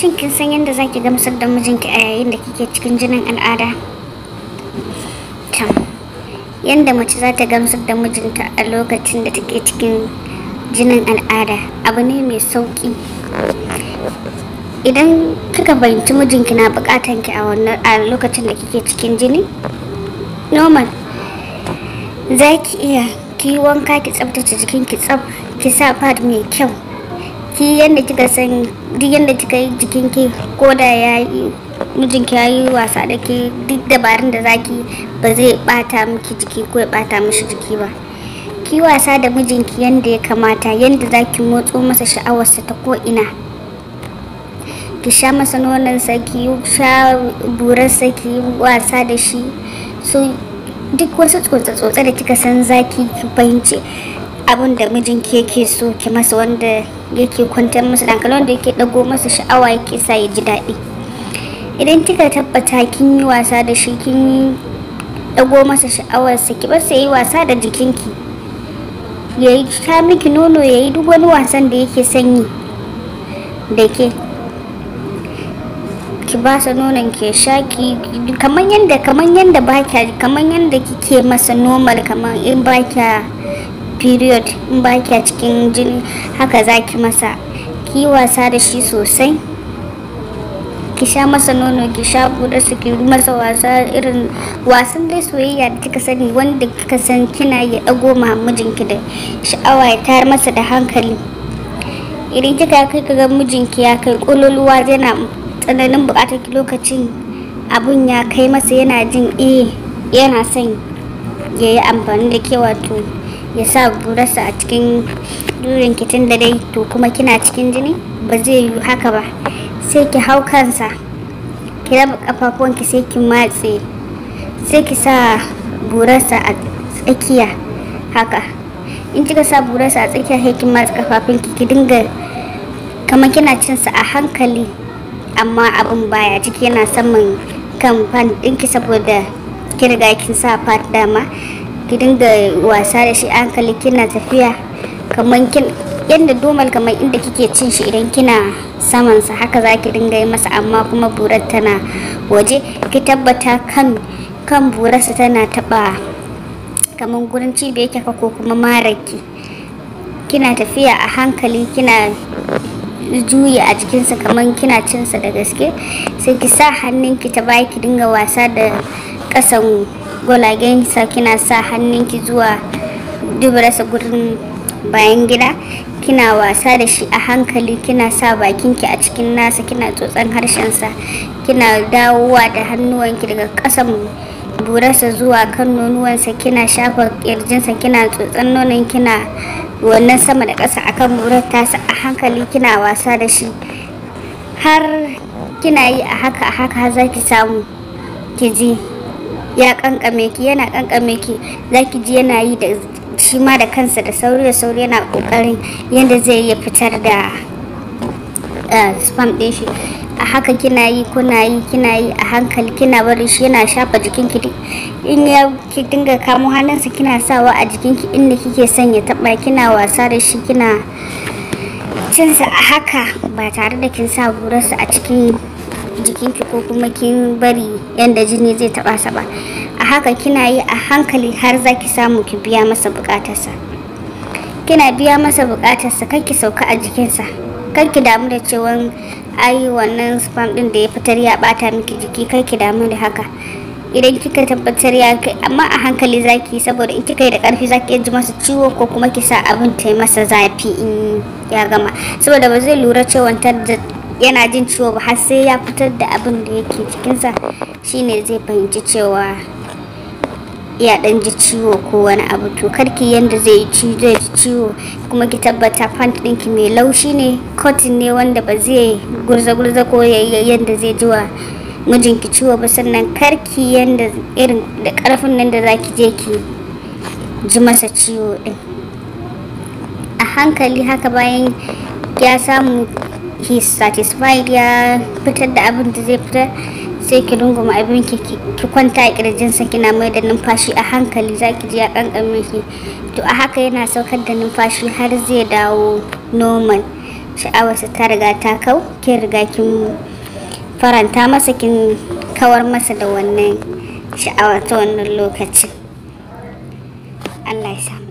shin kin san yadda zaki gamsar da mijinki a yayin da kike cikin jinin al'ada tam yadda mace za ta gamsar da mijinta a lokacin da take cikin jinin al'ada abu ne mai sauƙi idan kika fahimci mijinki na buƙatar ki a wannan a lokacin da kike cikin jini normal za iya ki wanka ki tsaftace jikinki tsab ki sa pad mai kyau ki yanda kika san duk yadda kika yi jikinki ko da yayi mijinki ya yi wasa da ke duk dabarun da zaki ba zai bata miki jiki ko ya bata mishi jiki ba ki wasa da mijinki yadda ya kamata yadda zaki motso masa sha'awarsa ta ko ina ki sha masa nonon ki sha burarsa ki wasa da shi so duk wasu tsotsa-tsotsa da kika san zaki ki fahimci abun da mijinki ke so ki masa wanda yake kwantar masa dankali wanda yake dago masa sha'awa yake sa ya ji daɗi idan kika tabbata kin yi wasa da shi kin dago masa sha'awarsa ki bar yi wasa da jikinki ya yi sha miki nono ya yi duk wani wasan da yake sanyi da ke ki ba sa nonon ke sha ki kamar yanda kamar yadda ba kamar yanda kike masa normal kamar in ba kya period in ba ki cikin jini haka za ki masa ki wasa da shi sosai ki sha masa nono ki sha buɗe su ki masa wasa irin wasan dai soyayya da kika sani wanda kika san kina yi ɗago ma mijinki da sha'awa ya tayar masa da hankali idan kika kai ga mijinki ya kai ƙololuwa yana tsananin buƙatar ki lokacin abun ya kai masa yana jin eh yana son ya yi amfani da ke wato ya sa gurasa a cikin durin kitin da dai to kuma kina cikin jini ba zai yi haka ba sai ki hau kansa ki raba ki sai ki matse sai ki sa gurasa a tsakiya haka in kika sa gurasa a tsakiya sai ki matse kafafunki ki dinga kamar kina cinsa a hankali amma abin baya ciki yana saman kan fan ɗinki saboda kirga riga kin sa fat dama ki dinga wasa da shi hankali kina tafiya kamar kin yadda domal kamar inda kike cin shi idan kina samansa haka za ki dinga yi masa amma kuma burar tana waje ki tabbata kan kan burarsa tana taba kamar gurin cibiyar ka ko kuma maraki kina tafiya a hankali kina juya a jikinsa kamar kina cinsa da gaske sai ki sa hannunki ta baya ki dinga wasa da ƙasan gwalagensa kina sa hannunki zuwa sa gurin bayan gida kina wasa da shi a hankali kina sa bakinki a cikin nasa kina harshen sa? kina dawowa da hannuwanki daga ƙasan burarsa zuwa kan nonuwansa kina shafa ƙirjinsa kina tsotsan nonon kina wannan sama da ƙasa akan burar tasa a hankali kina wasa da shi har kina yi a haka haka za ki samu ki ji ya kankame ki yana kankame ki zaki ji yana yi da shi ma da kansa da sauri da sauri yana kokarin yadda zai iya fitar da eh, spam din shi a haka kina yi kuna yi kina yi a hankali kina bari shi yana shafa jikinki in ya ki dinga kamo hannunsa kina sawa a jikinki inda kike son ya taba kina wasa da shi kina cinsa a haka ba tare da kin sa gurarsa a cikin jikinki ko kuma kin bari yanda jini zai taɓa sa ba a haka kina yi a hankali har za ki samu ki biya masa bukatarsa kina biya masa bukatarsa kan ki sauka a jikinsa kan ki damu da cewa ai wannan spam ɗin da ya fitar ya bata miki jiki kan ki damu da haka idan kika tabbatar ya kai amma a hankali zaki saboda in kika yi da karfi zaki ji masa ciwo ko kuma ki sa abin ta masa zafi in ya gama saboda ba zai lura cewa ta yana jin ciwo ba har sai ya fitar da abin da yake cikinsa shine zai fahimci cewa ya dan ji ciwo ko wani abu to karki yanda zai ci zai ji ciwo kuma ki tabbata pant ɗinki mai laushi ne cotton ne wanda ba zai gurza gurza ko yanda zai ji wa mijinki ciwo ba sannan karki yanda irin da karfin nan da zaki je ki ji masa ciwo din a hankali haka bayan ya samu he's satisfied ya fitar da abin da zai fitar sai ki ma abin ki ki kwanta a sa kina mai da numfashi a hankali zaki ji ya kankame ki to a haka yana saukar da numfashi har zai dawo normal sha'awarsa ta riga ta kau ki riga kin faranta masa kin kawar masa da wannan sha'awar ta wannan lokacin Allah ya samu